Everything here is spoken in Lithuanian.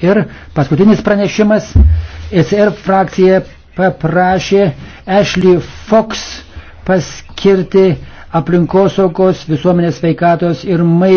Ir paskutinis pranešimas. SR frakcija paprašė Ashley Fox paskirti aplinkosaugos visuomenės veikatos ir maisto.